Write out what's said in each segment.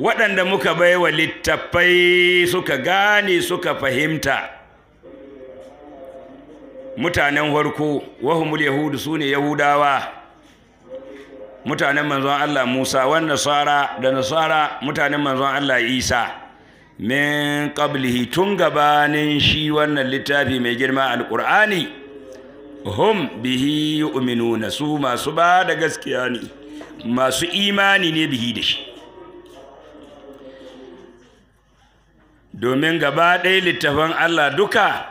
waɗanda muka baiwa littafai suka gane suka fahimta mutanen farko wahumul yahudu su ne yahudawa mutanen manzon Allah Musa wa nasara da nasara mutanen manzon Allah Isa min qablihi tun gabanin shi wannan littafi mai girma alqur'ani hum bihi yu'minuna su masu ba gaskiya ne masu imani ne bihi da shi domin gaba ɗaya littafan Allah duka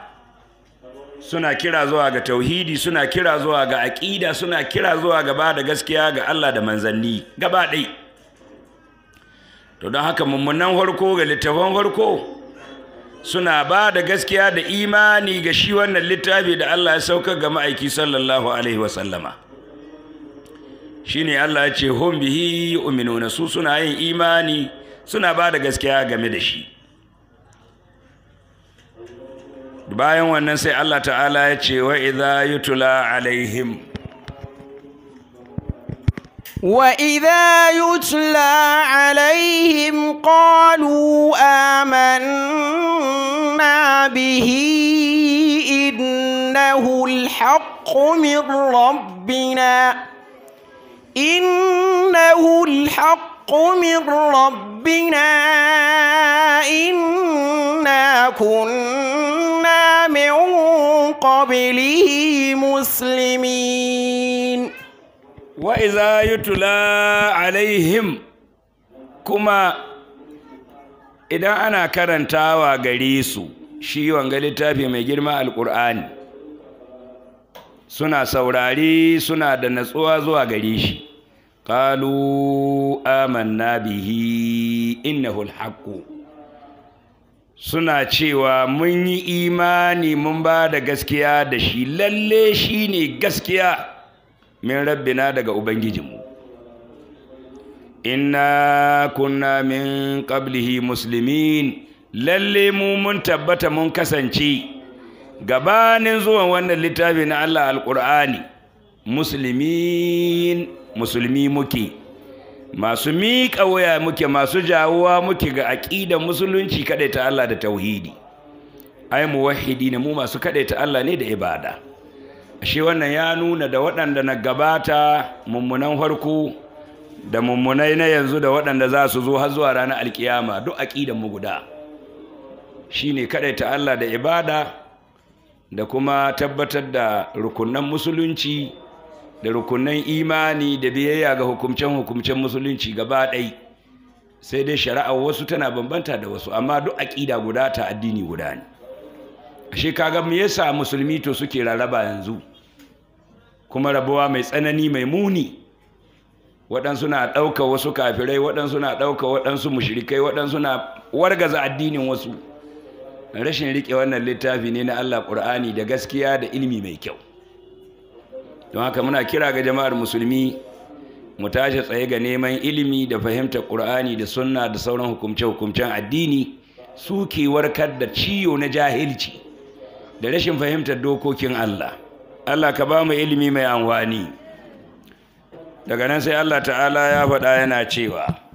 suna kira zuwa ga tauhidi suna kira zuwa ga aƙida suna kira zuwa gaba da gaskiya ga Allah da manzanni gaba ɗai to don haka mummunan farko ga littafan farko suna ba da gaskiya da imani ga shi wannan littafi da Allah ya sauka ga ma'aiki sallallahu alaihi wasallama shine Allah ya ce hum bihi na su suna yin imani suna ba da gaskiya game da shi bayan wannan sai Allah ta'ala ya ce wa idza yutla alaihim wa idza yutla alaihim qalu amanna bihi innahu alhaq min rabbina innahu alhaqqu من ربنا وما كنا من قبله مسلمين وإذا يتلى عليهم كما إذا أنا كرنتاوا غريسو shi wanga littafi mai girma alkur'ani suna saurari suna da natsuwa zuwa gare shi qalu amanna bihi innahu alhaqqu suna cewa mun yi imani mun ba da gaskiya da shi lalle shi ne gaskiya min rabbina daga ubangijinmu inna kunna min qablihi muslimin lalle mu mun tabbata mun kasance gabanin zuwan wannan littafi na Allah alƙur'ani muslimin musulmi muke masu miƙa waya muke masu jawuwa muke ga aƙidar musulunci ta Allah da tauhidi ai wahidi ne mu masu ta Allah ne da ibada ashe wannan ya nuna da waɗanda na gabata mummunan farko da mummunai na yanzu da waɗanda za su zo har zuwa ranar alkiyama duk aƙidar mu guda shine ta Allah da ibada da kuma tabbatar da rukunan musulunci da rukunan imani da biyayya ga hukumcen-hukumcen musulunci gaba ɗai sai dai shari'a wasu tana bambanta da wasu amma duk aƙida guda ta addini guda ne ashe kaga me yasa musulmi to suke raraba yanzu kuma rabuwa mai tsanani mai muni waɗansu na ɗauka wasu kafirai waɗansu na ɗauka waɗansu mushrikai waɗansu na wargaza addinin wasu rashin riƙe wannan littafi ne na Allah Ƙur'ani da gaskiya da ilimi mai kyau don haka muna kira ga jama'ar musulmi mu tashi tsaye ga neman ilimi da fahimtar ƙur'ani da sunna da sauran hukumce-hukumcen addini su ke warkar da ciwo na jahilci da rashin fahimtar dokokin Allah Allah ka ba mu ilimi mai amfani daga nan sai Allah ta'ala ya faɗa yana cewa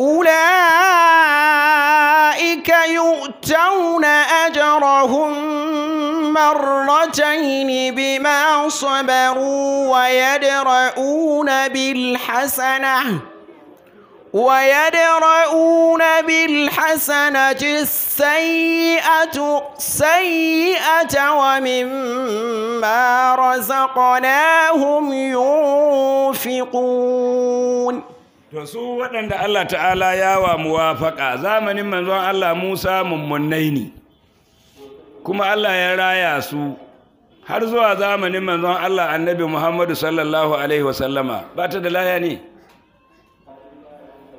أولئك يؤتون أجرهم مرتين بما صبروا ويدرؤون بالحسنة ويدرؤون بالحسنة السيئة سيئة ومما رزقناهم ينفقون to su waɗanda Allah ta'ala ya wa muwafaƙa zamanin manzon Allah Musa mummunai ne kuma Allah ya raya su har zuwa zamanin manzon Allah annabi Muhammadu sallallahu alaihi wasallama ba ta da laya ne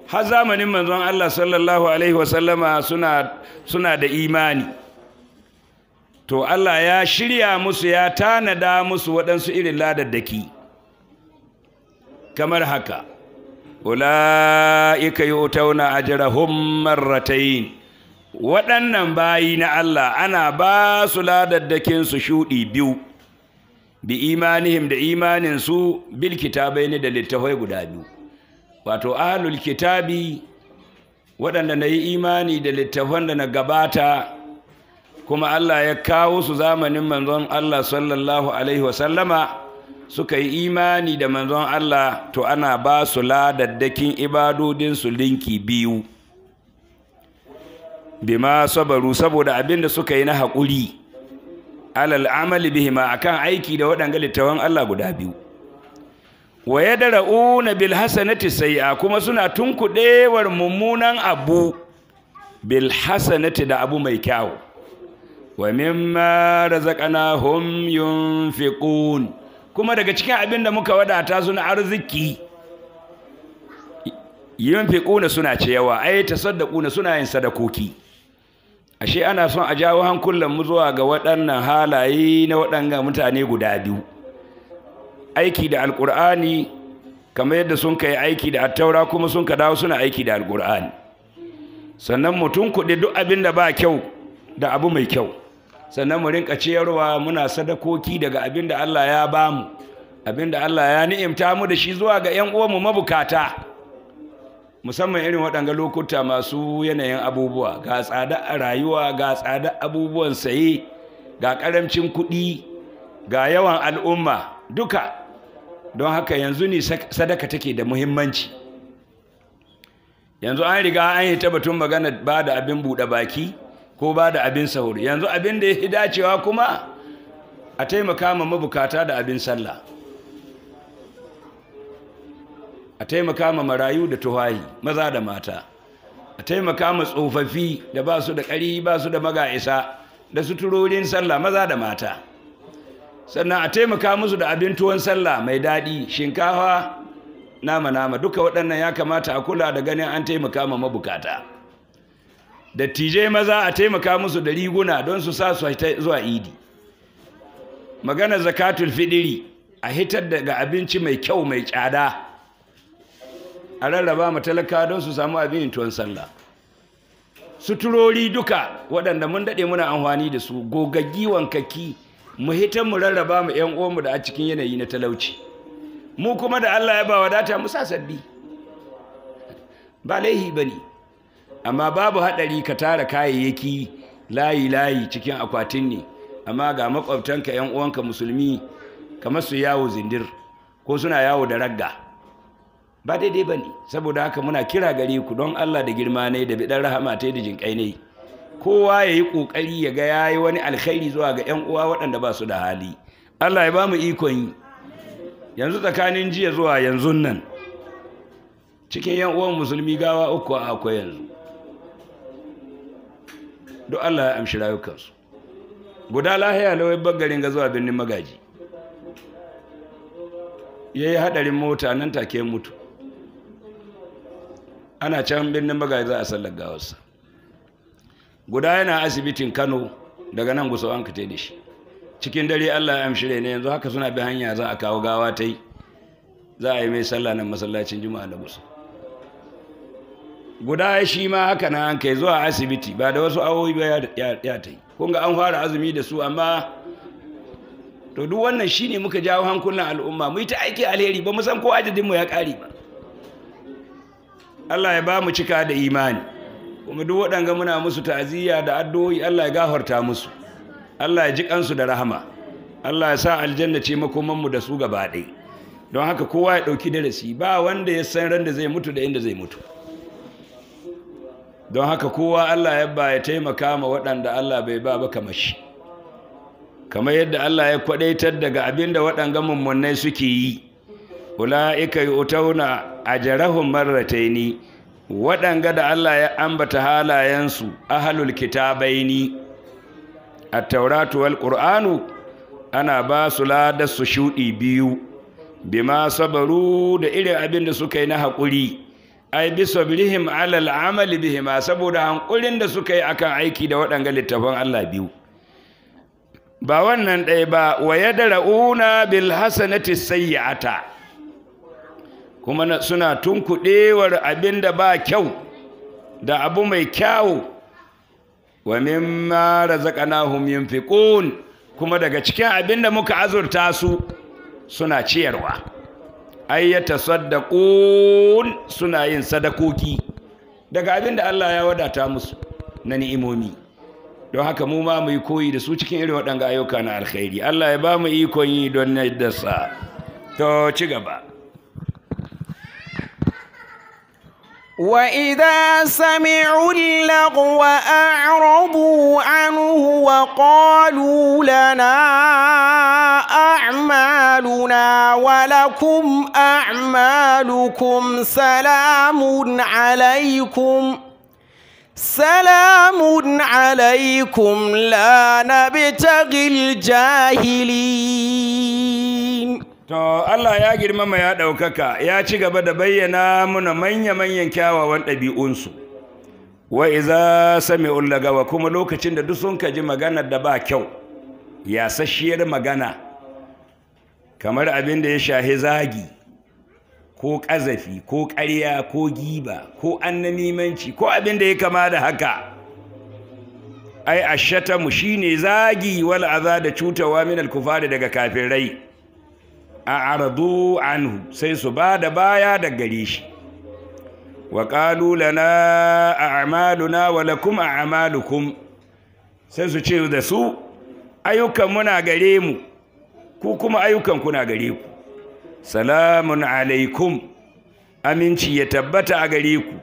har zamanin manzon Allah sallallahu alaihi wasallama suna suna da imani to Allah ya shirya musu ya tanada musu waɗansu irin ladaddaki kamar haka ula'ika yu'tauna ajrahum marratayn waɗannan bayi na Allah ana ba su ladaddakin su shudi biyu bi imanihim da imanin su bil kitabaini da littafai guda biyu wato ahlul kitabi waɗanda na yi imani da littafan da na gabata kuma Allah ya kawo su zamanin manzon Allah sallallahu alaihi wasallama suka yi imani da manzon Allah to ana ba su ladaddakin ibadodinsu linki biyu bima sabaru saboda abin da suka yi na haƙuri alal amali bihima akan aiki da waɗanga littawan Allah guda biyu wa yadra'una bil hasanati kuma suna tunkuɗewar mummunan abu bil hasanati da abu mai kyau wa mimma razaqnahum yunfiqun kuma daga cikin abin da muka wadata su yi arziki ƙuna suna ciyawa ai kuna suna yin sadakoki ashe ana son a jawo hankulan mu zuwa ga waɗannan halaye na waɗannan mutane guda biyu aiki da Alƙur'ani kamar yadda sun kai aiki da attaura kuma sun ka dawo suna aiki da Alƙur'ani. sannan mutum kuɗi duk abin da ba kyau da abu mai kyau sannan mu rinka ciyarwa muna sadakoki daga abin da Allah ya bamu abin da Allah ya ni'imta mu da shi zuwa ga ƴan uwanmu mabukata musamman irin waɗanga lokuta masu yanayin abubuwa ga tsada a rayuwa ga tsada abubuwan saye ga ƙaramcin kuɗi ga yawan al'umma duka don haka yanzu ne sadaka take da muhimmanci yanzu an riga an yi ta batun magana ba da abin buɗe baki ko ba da abin sahuri yanzu abin da ya fi dacewa kuma a taimaka ma mabukata da abin sallah a taimaka ma marayu da tuhayi maza da mata a taimaka ma tsofaffi da ba su da ƙari ba su da maga'isa da suturorin sallah maza da mata sannan a taimaka musu da abin tuwon sallah mai daɗi shinkafa nama nama duka waɗannan ya kamata a kula da ganin an taimaka ma mabukata dattijai maza a taimaka musu da riguna don su sa su zuwa idi magana zakatul fidiri a hitar daga abinci mai kyau mai tsada a rarraba ma talaka don su samu abin tuwon sallah suturori duka waɗanda mun daɗe muna amfani da su gogaggi wankaki mu hitar mu rarraba mu ƴan uwanmu da a cikin yanayi na talauci mu kuma da Allah ya ba wadata mu sa sabbi ba laihi bane amma babu haɗari ka tara kayayyaki layi-layi cikin akwatin ne amma ga makwabtanka 'yan uwanka musulmi kamar su yawo zindir ko suna yawo da ragga ba daidai ba ne saboda haka muna kira gare ku don allah da girma ne da bidan rahama ta da jinƙai ne kowa ya yi ƙoƙari ya ga ya yi wani alkhairi zuwa ga 'yan uwa waɗanda ba su da hali allah ya ba mu ikon yi yanzu tsakanin jiya zuwa yanzu nan cikin 'yan uwan musulmi gawa uku akwai yanzu duk Allah ya amshi rayukansu guda lahiya lawai bangaren ga zuwa birnin magaji ya yi haɗarin mota nan take mutu ana can birnin magaji za a sallar gawarsa guda yana asibitin kano daga nan gusa an kate da shi cikin dare Allah ya amshi ne yanzu haka suna bi hanya za a kawo gawa ta yi za a yi mai sallah nan masallacin juma'a na gusa guda shi ma haka na kai zuwa asibiti ba da wasu awoyi ba ya ta yi kunga an fara azumi da su amma to duk wannan shine muka jawo hankunan al'umma mu yi ta aiki alheri ba mu san ko adadinmu ya kare ba Allah ya ba mu cika da imani kuma duk waɗanga muna musu ta'aziyya da addu'o'i Allah ya gafarta musu Allah ya ji kansu da rahama Allah ya sa aljanna ce makoman mu da su gaba ɗaya don haka kowa ya ɗauki darasi ba wanda ya san ran zai mutu da inda zai mutu don haka kowa Allah ya ba ya taimaka ma waɗanda Allah bai ba ba kamar shi kamar yadda Allah ya kwadaitar daga abinda waɗanga mummunai suke yi ula'ika yu'tauna ajrahum marataini, waɗanga da Allah ya ambata halayensu ahlul kitabaini at-tauratu wal qur'anu ana ba su ladar su shudi biyu bima sabaru da irin abin da suka yi na haƙuri ai bi sabrihim alal amali bihima saboda hankulin da suka yi akan aiki da waɗanga littafan Allah biyu ba wannan ɗaya ba wa yadra'una bil hasanati sayyi'ata kuma suna tunkuɗewar abin da ba kyau da abu mai kyau wa mimma razaqnahum yunfiqun kuma daga cikin abin da muka azurta su suna ciyarwa ay yatasaddaqun suna yin sadakoki daga abin da Allah ya wadata musu na ni'imomi don haka mu ma mu yi koyi da su cikin irin waɗanga ayyuka na alkhairi Allah ya ba mu ikon yi don na dasa. to ci gaba وإذا سمعوا اللغو أعرضوا عنه وقالوا لنا أعمالنا ولكم أعمالكم سلام عليكم سلام عليكم لا نبتغي الجاهلين to Allah ya girmama ya ɗaukaka ya ci gaba da bayyana muna manya-manyan kyawawan ɗabi'unsu wa iza sami'ul lagawa kuma lokacin da duk sun kaji magana da ba kyau ya sashiyar magana kamar abin da ya shahi zagi ko ƙazafi ko ƙarya ko giba ko annamimanci ko abin da ya kama da haka ai ashatamu shine zagi wal azada da cutawa min al-kufari daga kafirai a aradu anhu sai su ba da baya da gare shi wa ƙalu lana a amaluna wala lakum a amalukum sai su ce da su ayyukan muna gare mu ku kuma ayyukan kuna gare ku salamun alaikum aminci ya tabbata a gare ku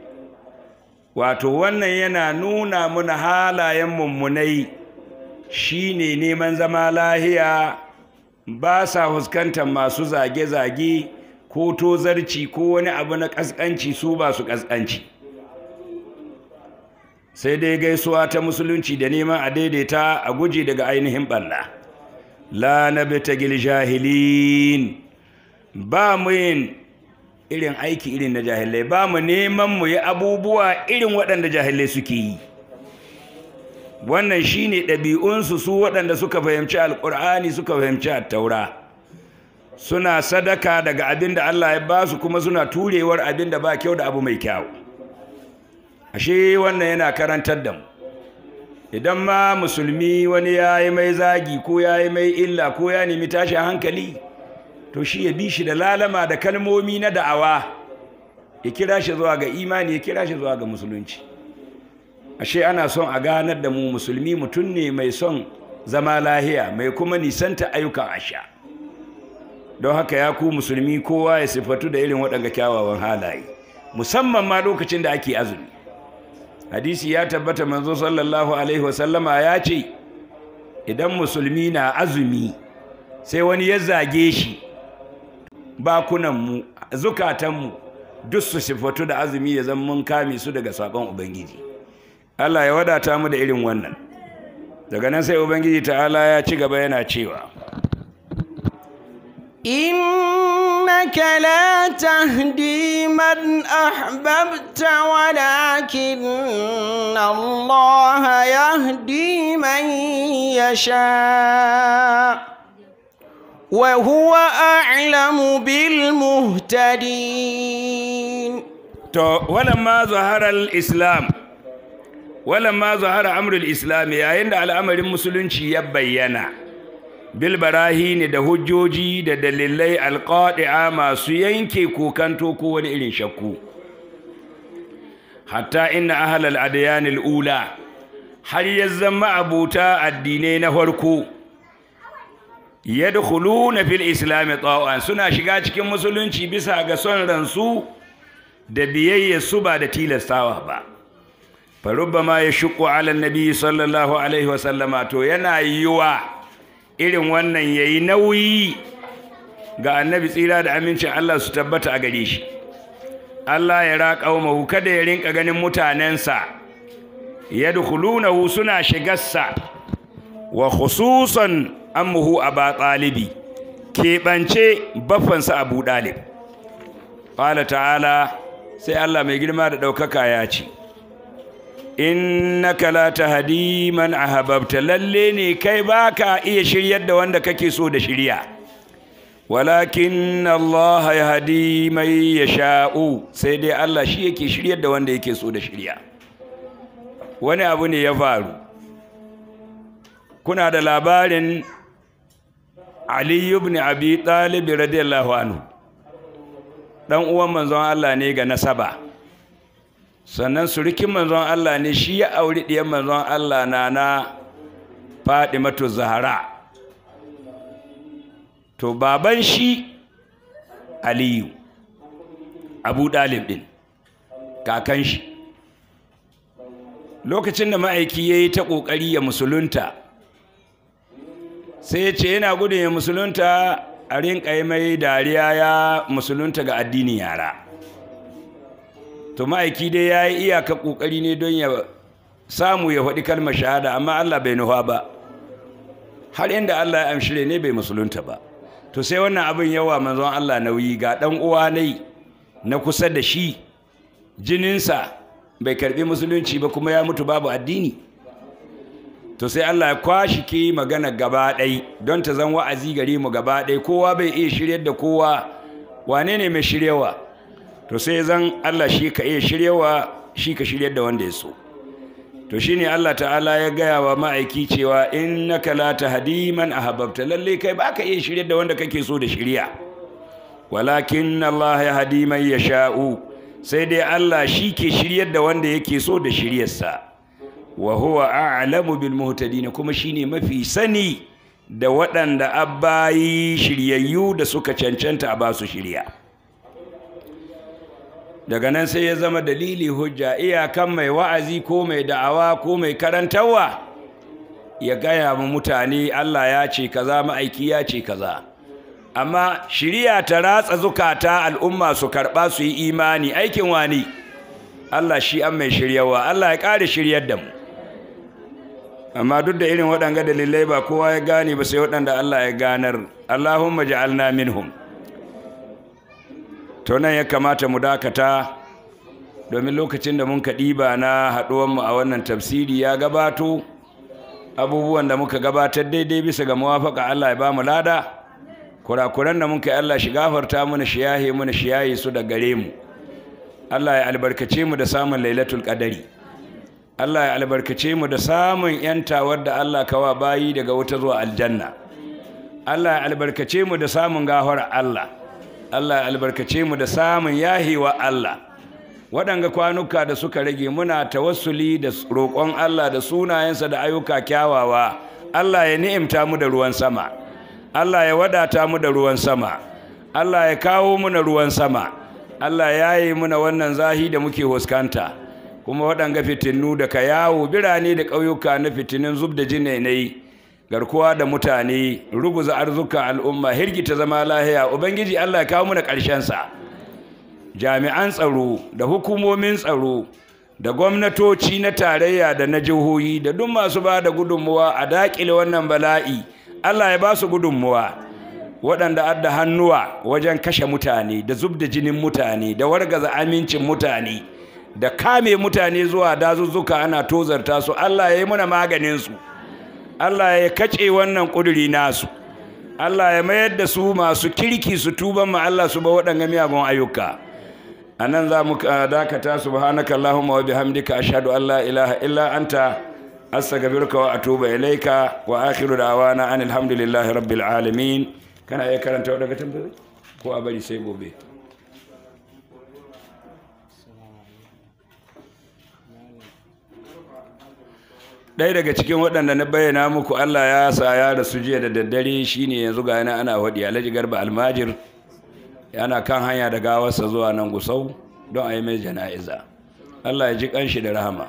wato wannan yana nuna muna halayen mummunai shine neman zama lahiya ba sa fuskantar masu zage-zage ko tozarci ko wani abu na ƙasƙanci su ba su ƙasƙanci sai dai gaisuwa ta musulunci da neman a daidaita a guji daga ainihin ɓanna la na bitagil jahilin ba mu yin irin aiki irin na jahilai ba mu neman mu yi abubuwa irin waɗanda jahilai suke yi wannan shi ne ɗabi'unsu su waɗanda suka fahimci alƙur'ani suka fahimci attaura suna sadaka daga abin da Allah ya ba su kuma suna turewar abin da ba kyau da abu mai kyau ashe wannan yana karantar da mu idan ma musulmi wani ya yi mai zagi ko ya yi mai illa ko ya nemi tashin hankali to shi ya bi shi da lalama da kalmomi na da'awa ya kira shi zuwa ga imani ya kira shi zuwa ga musulunci ashe ana son a ganar da mu musulmi mutum ne mai son zama lahiya mai kuma nisanta ayyukan asha don haka ya ku musulmi kowa ya sifatu da irin waɗanga kyawawan halaye musamman ma lokacin da ake azumi hadisi ya tabbata manzo sallallahu alaihi wasallama ya ce idan musulmi na azumi sai wani ya zage shi bakunanmu zukatanmu duk su sifatu da azumi ya zama mun kame su daga saƙon ubangiji Allah ya wadata mu da irin wannan daga nan sai ubangiji ta'ala ya ci gaba yana cewa In la tahdi man ahbabta walakin Allah yahdi man yasha wa huwa a'lamu bil muhtadin to walamma al islam walamma zahara amrul islam yayin da al'amarin musulunci ya bayyana bil barahini da hujjoji da dalilai alqadi'a masu yanke kokanto ko wani irin shakku hatta inna ahlal adyan ula har ya zama abuta addinai na farko yadkhuluna fil islam tawan suna shiga cikin musulunci bisa ga son ransu da biyayya su ba da tilastawa ba فربما ya على ala nabi sallallahu alaihi wasallama to yana yiwa irin wannan ya yi nauyi ga annabi tsira da amincin Allah su tabbata a gare shi Allah ya raƙa mahu kada ya rinka ganin mutanensa ya hu suna shigarsa wa khususan ba aba talibi keɓance baffansa abu ɗalib ƙala ta'ala sai Allah mai girma da ɗaukaka ya ce innaka la tahdi man ahbabta lalle ne kai baka iya shirya da wanda kake so da shirya walakin Allah yahdi mai yasha'u sai dai Allah shi yake shiryar da wanda yake so da shirya wani abu ne ya faru kuna da labarin Ali ibn Abi Talib radiyallahu anhu dan uwan manzon Allah ne ga nasaba sannan surikin manzon Allah ne shi ya auri ɗiyan manzon Allah na na faɗi Fadimatu Zahara to baban shi Aliyu Abu Dalib din kakan shi lokacin da ma'aiki ya yi ta ƙoƙari ya musulunta sai ya ce yana gudun ya musulunta a rinƙa yi mai dariya ya musulunta ga addinin yara to ma'aiki dai ya yi iyaka ƙoƙari ne don ya samu ya faɗi kalmar shahada amma Allah bai nufa ba har inda Allah ya amshire ne bai musulunta ba to sai wannan abin yawa manzon Allah nauyi ga ɗan uwa nai na kusa da shi jininsa bai karɓi musulunci ba kuma ya mutu babu addini to sai Allah ya kwashi ke magana gaba ɗai don ta zan wa'azi gare mu gaba ɗai kowa bai iya shiryar da kowa wane ne mai shiryawa to sai zan Allah shi ka iya shiryawa shi ka shiryar da wanda ya so to shine Allah ta'ala ya gaya wa ma'aiki cewa innaka la tahdi man ahbabta lalle kai baka iya shiryar da wanda kake so da shirya walakin Allah ya hadi man yasha'u sai dai Allah shi ke shiryar da wanda yake so da shiryarsa wa huwa a'lamu bil muhtadin kuma shine mafi sani da waɗanda abbayi shiryayyu da suka cancanta a basu shirya daga nan sai ya zama dalili hujja iyakan mai wa'azi ko mai da'awa ko mai karantarwa ya gaya mu mutane Allah ya ce kaza ma'aiki ya ce kaza amma shirya ta ratsa zukata al'umma su karɓa su yi imani aikin wani Allah shi an mai shiryarwa Allah ya ƙare shiryar da mu amma duk da irin waɗanga dalilai ba kowa ya gane ba sai waɗanda Allah ya ganar Allahumma ja'alna minhum to nan ya kamata mu dakata domin lokacin da mun ɗiba na haɗuwanmu a wannan tafsiri ya gabato abubuwan da muka gabatar daidai bisa ga muwafaka Allah ya ba mu lada kurakuran da muka yi Allah shi gafarta mana shi yahe mana shi su da gare mu Allah ya albarkace mu da samun lailatul qadari Allah ya albarkace mu da samun yantawar da Allah kawa bayi daga wuta zuwa aljanna Allah ya albarkace mu da samun gafar Allah Allah ya albarkace mu da samun yahewa Allah waɗanga kwanuka da suka rage muna ta wasuli da roƙon Allah da sunayensa da ayyuka kyawawa Allah ya ni'imta mu da ruwan sama Allah ya wadata mu da ruwan sama Allah ya kawo muna ruwan sama Allah ya yi muna wannan zahi da muke huskanta kuma waɗanga fitinu da ka yawo birane da ƙauyuka na fitinin zub da jinai garkuwa da mutane ruguza arzuka al'umma ta zama lahiya ubangiji Allah ya kawo mu da ƙarshen sa jami'an tsaro da hukumomin tsaro da gwamnatoci na tarayya da na jihohi da duk masu ba da gudunmuwa a daƙile wannan bala'i Allah ya ba su gudunmuwa waɗanda adda hannuwa wajen kashe mutane da zub da jinin mutane da wargaza amincin mutane da kame mutane zuwa dazuzzuka ana tozarta su Allah ya yi mana maganinsu Allah ya kace wannan kuduri nasu Allah ya mayar da su masu kirki su tuban ma Allah su ba waɗanga miyagun ayyuka anan nan za mu dakata subhanaka Allahumma wa bihamdika ashhadu an la ilaha illa anta astaghfiruka wa atubu ilaika wa akhiru da'wana anil hamdulillahi rabbil alamin kana iya karanta daga tambayoyi ko a bari sai gobe ɗaya daga cikin waɗanda na bayyana muku Allah ya sa ya rasu jiya da daddare shine yanzu ga yana ana waɗi alhaji garba almajir yana kan hanya da gawarsa zuwa nan gusau don a yi mai jana'iza Allah ya ji kanshi da rahama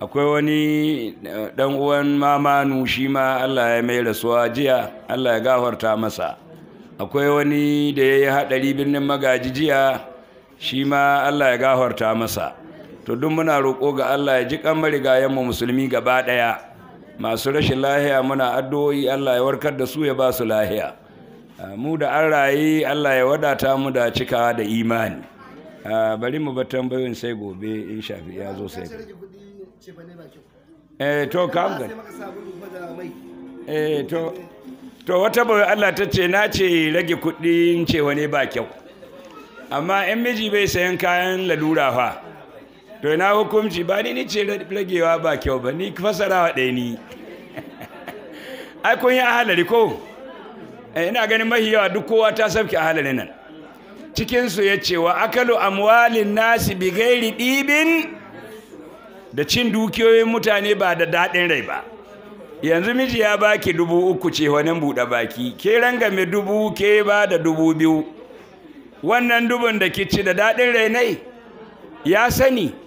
akwai wani eh, ɗan uwan mamanu shi ma Allah ya mai rasuwa jiya Allah ya gafarta masa akwai wani da ya yi haɗari birnin magaji jiya shi ma Allah ya gawarta masa to duk muna roƙo ga Allah ya ji kan marigayenmu musulmi gaba ɗaya masu rashin lahiya muna addu'o'i Allah ya warkar da su ya ba su lahiya mu da an rayi Allah ya wadata mu da cikawa da imani bari mu ba tambayoyin sai gobe in shafi ya zo sai eh to kam ga eh to to wata bai Allah ta ce na ce rage kuɗin cewa ne ba kyau amma in miji bai sayan kayan lalura fa to na hukunci ba ni ce ragewa ba kyau ba ni fasarawa ɗaya ni ai kun yi ahalari ko eh, ina ganin mahi yawa duk kowa ta a ahalari nan cikinsu ya ce wa akalu amwalin nasi bi gairi ɗibin da cin dukiyoyin mutane ba da daɗin rai ba yanzu miji ya baki dubu uku ce wani buɗe baki ke ranga mai dubu ke ba da dubu biyu wannan dubun da ci da daɗin rai ne ya sani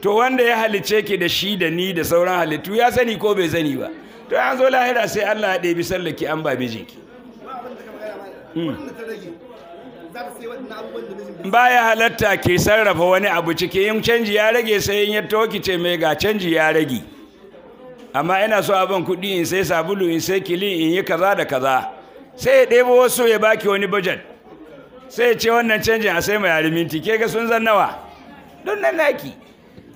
to wanda ya halice ki da shi da ni da sauran halittu ya sani ko bai sani ba to an zo lahira sai Allah ya ɗebi sallaki an ba mijinki hmm. ya halatta ke sarrafa wani abu cike yin canji ya rage sai in ya ki ce mai ga canji ya rage amma ina so abin kuɗi in sai sabulu in sai kilin in yi kaza da kaza sai ya ɗebo wasu ya baki wani budget sai ya ce wannan canjin a sai mai hariminti ke ga sun zan nawa don nan naki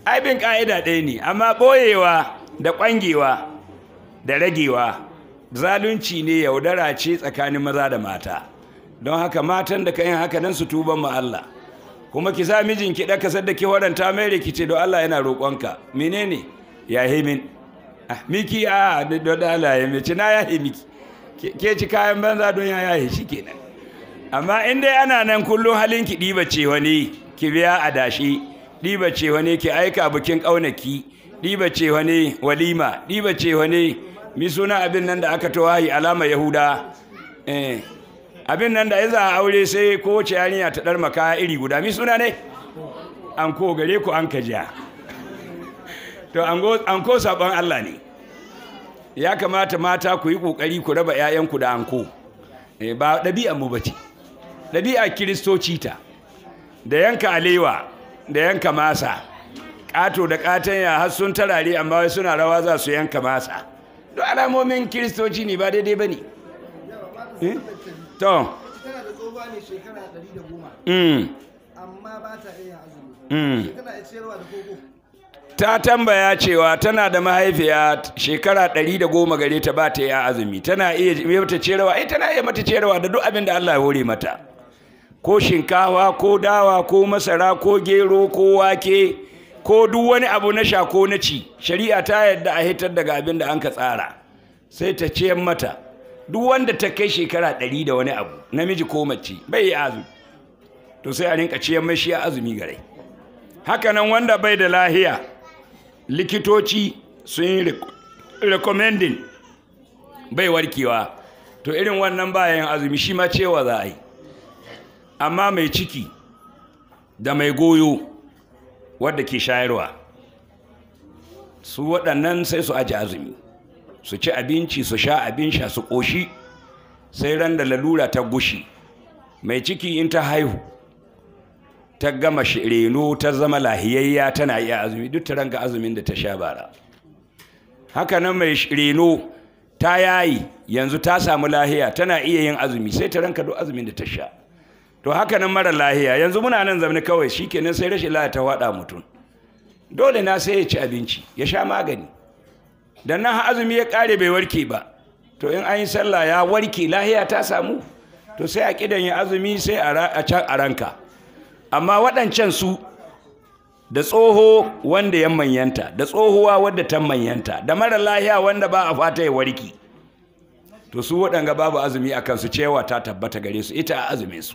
ai bin ƙa'ida ɗaya ne amma ɓoyewa da ƙwangewa da ragewa zalunci ne yaudara ce tsakanin maza da mata don haka matan da ka yin haka nan su tuban ma Allah kuma ki sa mijin ki ɗaka sadda ki waranta mai rikice don Allah yana roƙonka menene ya himin ah, miki ah, a don Allah ya mace na ya miki ke ci kayan banza don ya yahe shi kenan amma in dai ana nan kullum halin ki ɗiba ce wani ki biya a dashi ɗiba ce wani ki aika bukin ƙaunaki ɗiba ce wani walima ɗiba ce wani mi suna abin nan da aka tawahi alama yahuda eh, abin nan da ya za a aure sai kowace yarinya ta ɗar maka iri guda mi suna ne an ko gare ku an kajiya to an ko saɓon allah ne ya kamata mata ku yi ƙoƙari ku raba 'ya'yanku da anko eh, ba ɗabi'an mu ce ɗabi'a kiristoci ta da yanka alewa da yanka masa ƙato da ƙatan ya har sun tarari amma wai suna rawa za su yanka masa duk alamomin kiristoci ne ba daidai ba ne eh? to hmm. Hmm. ta tambaya cewa tana da mahaifiya shekara ɗari da goma gare ta ba ta yi azumi tana iya mata cerewa eh, tana iya mata cerewa da duk abin da Allah ya hore mata ko shinkawa ko dawa ko masara ko gero ko wake ko duk wani abu na sha ko na ci shari'a ta yadda a hitar daga abin da an ka tsara sai ta ce mata duk wanda ta kai shekara ɗari da wani abu namiji ko mace bai yi azumi to sai a rinka ciyar mai shi azumi gare hakanan wanda bai da lahiya likitoci sun yi recommending bai warkewa to irin wannan bayan azumi shi ma cewa za a yi amma mai ciki da mai goyo wadda ke shayarwa su waɗannan sai su aji azumi su ci abinci su sha abin sha su ƙoshi sai ran da lalura ta gushi mai ciki in ta haihu ta gama reno ta zama lahiyayya tana iya azumi duk ta ranka azumin da ta sha bara haka nan mai reno ta yayi yanzu ta samu lahiya tana iya yin azumi sai ta ranka duk azumin da ta sha to haka nan mara lahiya yanzu muna nan zamani kawai shikenan sai rashin lahiya ta wada mutum dole na sai ya ci abinci ya sha magani da nan azumi ya kare bai warke ba to in an yi sallah ya warke lahiya ta samu to sai a kidan ya azumi sai a can a ranka amma waɗancan su da tsoho wanda ya manyanta da tsohuwa wadda ta manyanta da mara lahiya wanda ba a fata ya warke to su waɗanga babu azumi akan su cewa ta tabbata gare su ita a azumin su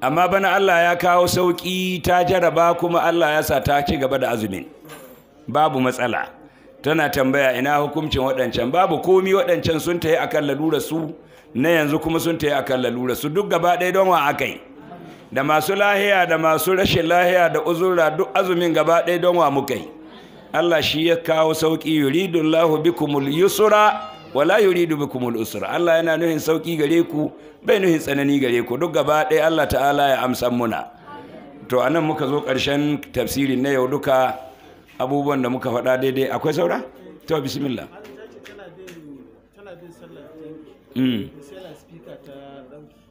amma bana Allah ya kawo sauƙi ta jaraba kuma Allah ya sa ta ci gaba da azumin babu matsala tana tambaya ina hukuncin waɗancan babu komi waɗancan sun ta yi akan lalura su na yanzu kuma sun ta yi akan lalura su duk gaba ɗaya don wa akai da masu lahiya da masu rashin lahiya da uzura duk azumin gaba ɗaya don wa mukai Allah shi ya kawo sauki yuridullahu bikumul yusra wala yuri bikum al-usra Allah yana nuhin sauki gare ku bai nuhin tsanani gare ku duk gaba ɗaya Allah ta'ala ya amsa muna to anan muka zo ƙarshen tafsirin na yau duka abubuwan da muka faɗa daidai akwai saura to bismillah hmm.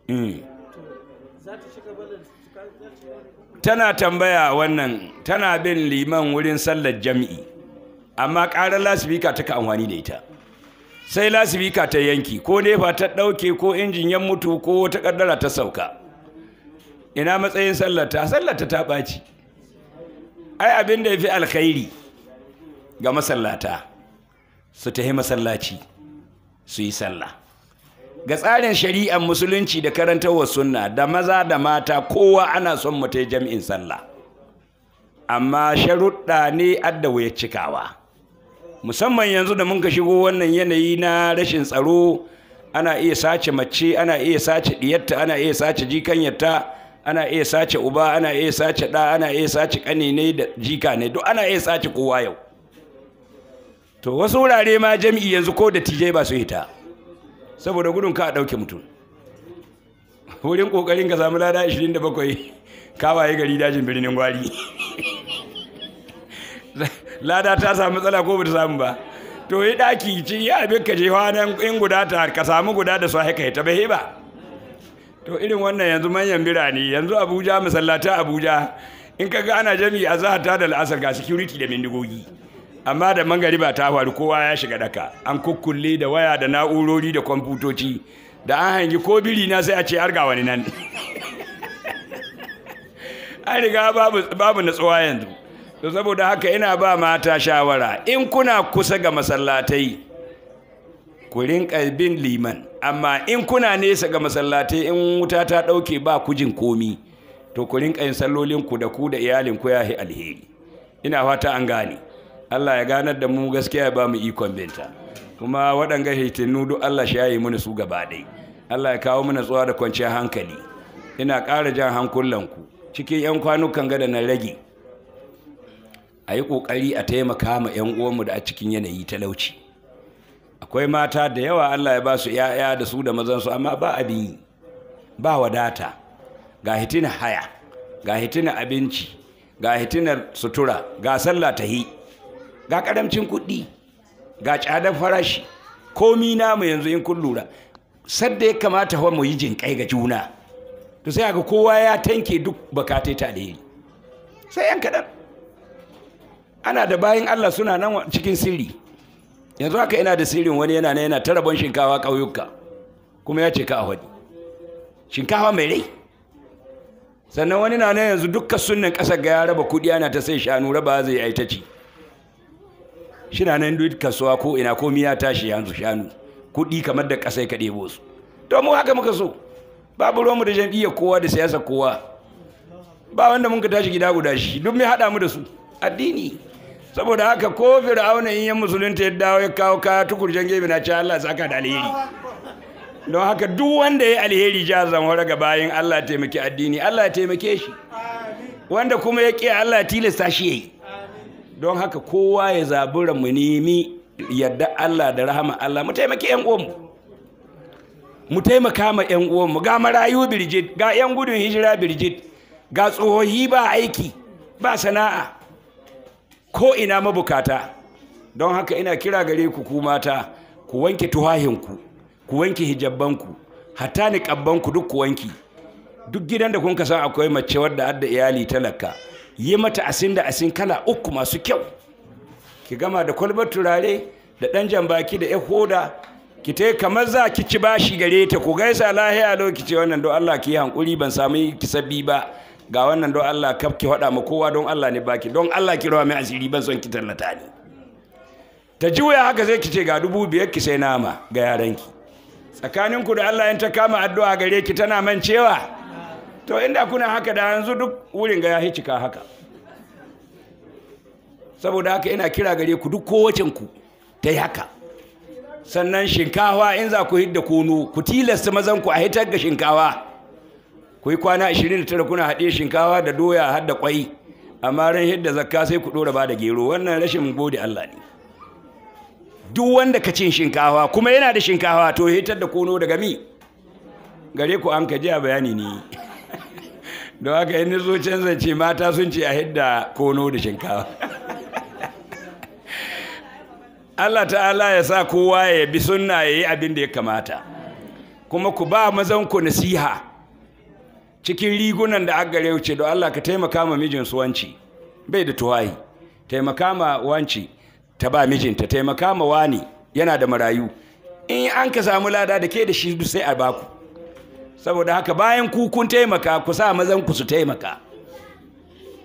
Hmm. tana tambaya wannan tana bin liman wurin sallar jami'i amma ƙarar lasifika taka amfani da ita sai lasifika ta yanki ko nefa ta ɗauke ko injin ya mutu ko wata ƙaddara ta sauka ina matsayin sallata sallata ta ɓaci ai abin da ya fi alkhairi ga masallata su tahi masallaci su yi sallah ga tsarin shari'ar musulunci da karantarwar sunna da maza da mata kowa ana son mu ta jam'in sallah amma sharuɗa ne adda wuyar cikawa musamman yanzu da mun ka shigo wannan yanayi na rashin tsaro ana iya sace mace ana iya sace diyarta ana iya sace jikanyarta ana iya sace uba ana iya sace ɗa ana iya sace ƙane ne da jika ne duk ana iya sace kowa yau to wasu wurare ma jami'i yanzu ko da tijai ba su hita saboda gudun ka a ɗauke mutum wurin kokarin ka samu lada 27 kawaye gari dajin birnin gwari lada ta samu matsala ko bata samu ba to yi daki ci yi abin ka je nan in guda ta ka samu guda da su haka ta bai ba to irin wannan yanzu manyan birane yanzu abuja masallata abuja in ka ga ana jam'i a ta da la'asar ga security da bindigogi amma da mangari ba ta faru kowa ya shiga daka an kukkulle da waya da na'urori da kwamfutoci da an hangi ko biri na sai a ce har wani nan an riga babu natsuwa yanzu to saboda haka ina ba mata shawara in kuna kusa ga masallatai ku rinka bin liman amma in kuna nesa ga masallatai in wuta ta ɗauke ba ku jin komi to ku rinka yin ku da ku da iyalinku ya alheri ina fata an gane Allah ya ganar da mu gaskiya ya ba mu ikon binta kuma waɗanga hitinu duk Allah shi yayi mana su gaba ɗaya. Allah ya kawo mana tsuwa da kwanciyar hankali ina ƙara jan hankulanku cikin 'yan kwanukan ga da na rage a yi ƙoƙari a taimaka ma 'yan uwanmu da a cikin yanayi talauci akwai mata da yawa allah ya ba su 'ya'ya da su da mazansu amma ba abin yi ba wadata ga hitina haya ga hitina abinci ga hitina sutura ga sallah ta yi ga karamcin kuɗi ga tsadar farashi komi namu yanzu in kun lura sadda ya kamata wa mu yi jinƙai ga juna to sai ga kowa ya tanke duk bakatai ta sai yan kaɗan ana da bayan Allah suna nan cikin sirri yanzu haka ina da sirrin wani yana yana tarabon shinkawa ƙauyuka kuma ya ce ka a shinkawa mai rai sannan wani na nan yanzu dukkan sunan ƙasar ga ya raba kuɗi ana ta sai shanu raba zai yi ta ci shi na nan duk kasuwa ko ina komi ya tashi yanzu shanu kuɗi kamar da ƙasai ka ɗebo su to mu haka muka so babu romu da jam'iyyar kowa da siyasa kowa ba wanda mun ka tashi gida guda shi duk mai haɗa mu da su addini saboda haka ko fir'auna in ya musulunta ya dawo ya kawo kaya tukurjen gebe na ci Allah aka da alheri don haka duk wanda ya alheri ja zanwara ga bayan Allah taimake addini Allah taimake shi wanda kuma ya ƙi Allah tilasta shi yayi don haka kowa ya zabura mu nemi yadda Allah da rahama Allah mu taimake ƴan uwanmu mu taimaka ma ƴan uwanmu ga marayu birjit ga ƴan gudun hijira birjit ga tsohohi ba aiki ba sana'a ko ina mabukata don haka ina kira gare ku ku mata ku wanke tuhahinku ku wanke hijabbanku hatta kabbanku duk ku wanki duk gidan da kun san akwai mace wadda adda iyali talaka yi mata asin da asin kala uku masu kyau ki gama da kwalbar turare da ɗan jambaki da ya ki ta kamar za ki ci bashi gare ta ku gaisa lahiya lokaci wannan don Allah ki yi hankuri ban sami ki sabbi ba ga wannan don Allah kafki faɗa ma kowa don Allah ne baki don Allah ki rawa mai asiri ban son ki tallata ni ta juya haka zai ki ce ga dubu biyar ki sai nama ga yaranki tsakanin ku da Allah in ta kama addu'a gare ki tana man cewa to inda kuna haka da yanzu duk wurin ga ya hicika haka saboda haka ina kira gare ku duk kowacin ku ta yi haka sannan shinkawa in za ku hidda kono ku tilasta mazan ku a hitar ga shinkawa ku yi kwana 29 kuna haɗe shinkawa da doya har da kwai amma ran hidda zakka sai ku dora ba da gero wannan rashin gode Allah ne duk wanda ka cin shinkawa kuma yana da shinkawa to hitar da kono daga mi gare ku an ka ji a bayani ne don haka yin zo canza ce mata sun ce a hidda kono da shinkawa Allah ta'ala ya sa kowa ya bi sunna ya yi abin da ya kamata kuma ku ba mazanku nasiha cikin rigunan da aka gare ce don Allah ka taimaka ma mijin su wanci bai da tuwayi taimaka ma wanci ta ba mijinta taimaka ma wani yana da marayu in an ka samu lada da ke da shi sai a baku saboda haka bayan ku kun taimaka ku sa mazan ku su taimaka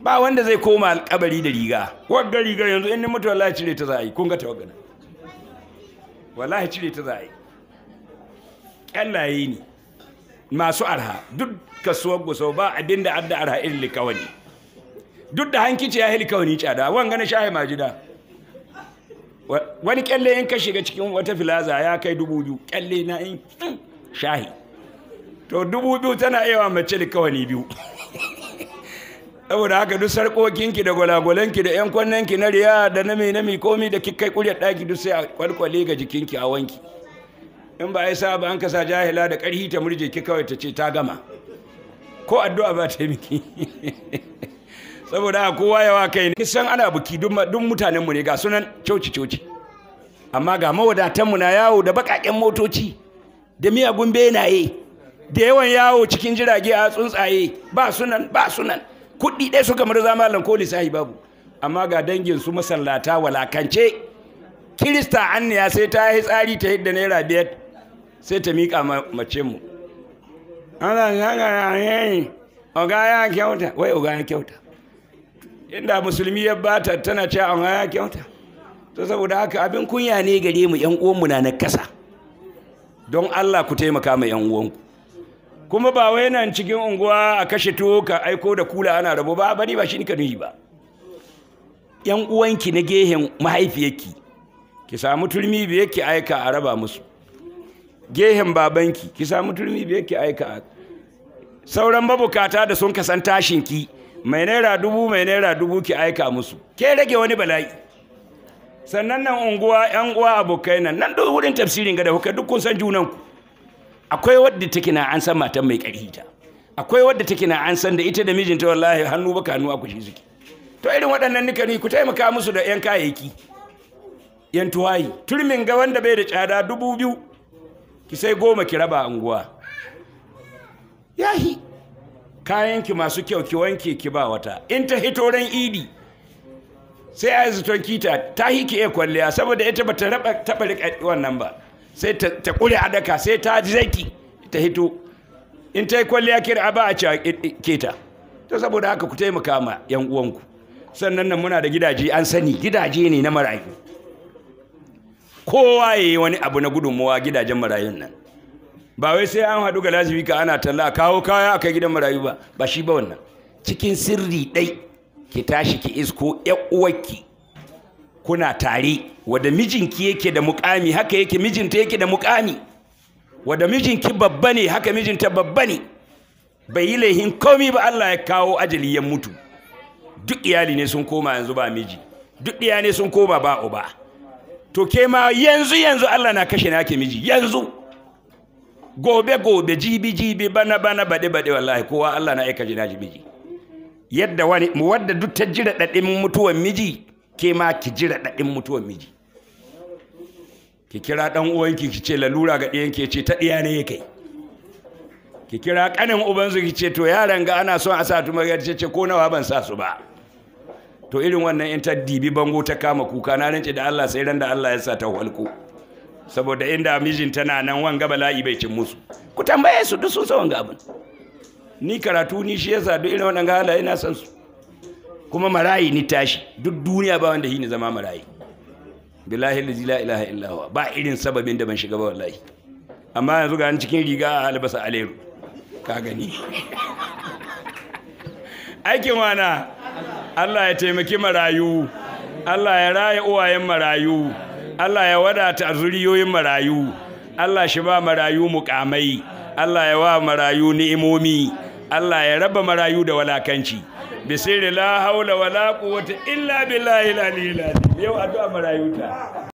ba wanda zai koma alkabari da riga wagga riga yanzu in mutu wallahi cire ta zai kun ga tawaggana wallahi cire ta zai Allah ya yi ni masu arha duk kasuwar gusa ba abin da adda arha irin likawani duk da hankici ya yi likawani cada wanga na shahi majida wani kyalle in ka shiga cikin wata filaza ya kai dubu biyu kyalle na in shahi to dubu biyu tana iya mace likawani biyu saboda haka duk sarƙoƙinki da gwalagwalanki da 'yan kwannanki na riya da na mai na mai komi da kikai ƙuryar ɗaki duk sai a kwalkwale ga jikinki a wanki in ba 'ya yi sa ba an kasa jahila da ƙarhi ta murje ki kawai ta ce ta gama ko addu'a ba ta miki saboda kowa yawa kai ne kisan ana buki duk mutanen mu ne ga sunan coci coci amma ga mawadatan mu na yawo da bakaken motoci da miyagun benaye da yawan yawo cikin jirage a tsuntsaye ba sunan ba sunan kuɗi ɗaya suka murza malam ko lissahi babu amma ga dangin su masallata walakance kirista anniya sai ta yi tsari ta yadda naira biyar sai ta miƙa mace mu Allah saka oga ya kyauta wai oga ya kyauta inda musulmi ya bata tana cewa oga ya kyauta to saboda haka abin kunya ne gare mu yan mu na na kasa don Allah ku taimaka ma yan uwanku kuma ba wai nan cikin unguwa a kashe tuwo ka aiko da kula ana rabo ba bari ba shi ka nuyi ba yan uwanki na gehen mahaifiyarki ki samu turmi biye ki aika a raba musu gehen babanki ki samu turmi biyar ki aika sauran mabukata da sun kasan tashinki mai naira dubu mai naira dubu ki aika musu ke rage wani bala'i sannan nan unguwa yan uwa abokai nan nan da wurin tafsirin ga da kuka duk kun san junan ku akwai wadda take na an san matan mai ƙarfi ta akwai wadda take na an san da ita da mijinta wallahi hannu baka hannu a shi suke to irin waɗannan nika ni ku taimaka musu da yan kayayyaki yan tuwayi turmin ga wanda bai da tsada dubu biyu ki sai goma ki raba unguwa yahi kayanki masu kyau ki wanke ki ba wata in ta hito ran idi sai a zaton kita ta hi ki iya kwalliya saboda ita ba ta taɓa wannan ba sai ta ƙure adaka sai ta zaki ta hito in ta yi kwalliya ki a ba a keta ta saboda haka ku taimaka ma 'yan uwanku sannan nan muna da gidaje an sani gidaje ne na marayu kowa ya yi wani abu na gudunmawa gidajen marayun nan ba wai sai an haɗu ga lazimi ka ana talla kawo kaya akai gidan marayu ba ba shi ba wannan cikin sirri ɗai ki tashi ki isko ƴan uwarki kuna tare wadda mijinki yake da mukami haka yake mijinta yake da mukami wada mijinki babba ne haka mijinta babba ne bai yi laihin komi ba Allah ya kawo ajali ya mutu duk iyali ne sun koma yanzu ba miji duk iyali ne sun koma ba uba to ke ma yanzu yanzu Allah na kashe nake miji yanzu gobe gobe jibi jibi bana bana bade bade wallahi kowa Allah na aika jina miji yadda wani mu wadda duk ta jira dadin mutuwar miji ke ma ki jira dadin mutuwar miji ki kira dan uwan ki ce lalura ga ɗiyan ki ce ta ɗiya ne kai ki kira kanin ubansu ki ce to yaran ga ana son a sa tumar ce ko nawa ban sa su ba to irin wannan in ta dibi bango ta kama kuka na rance da Allah sai ran da Allah ya sa ta walko saboda inda mijin tana nan wanga bala'i bai cin musu ku tambaye su duk sun san wanga abin ni karatu ni shi yasa duk irin wannan hala ina san su kuma marayi ni tashi duk duniya ba wanda ni zama marayi billahi la ilaha illa ba irin sababin da ban shiga ba wallahi amma yanzu ga cikin riga a albasa aleru ka gani aikin wana Allah ya taimaki marayu Allah ya raya uwayen marayu Allah ya wadata zuriyoyin marayu Allah shi ba marayu mukamai Allah ya wa marayu ni'imomi Allah ya raba marayu da walakanci bisirila la haula wala quwwata illa billahi al-aliyyil yau addu'a marayu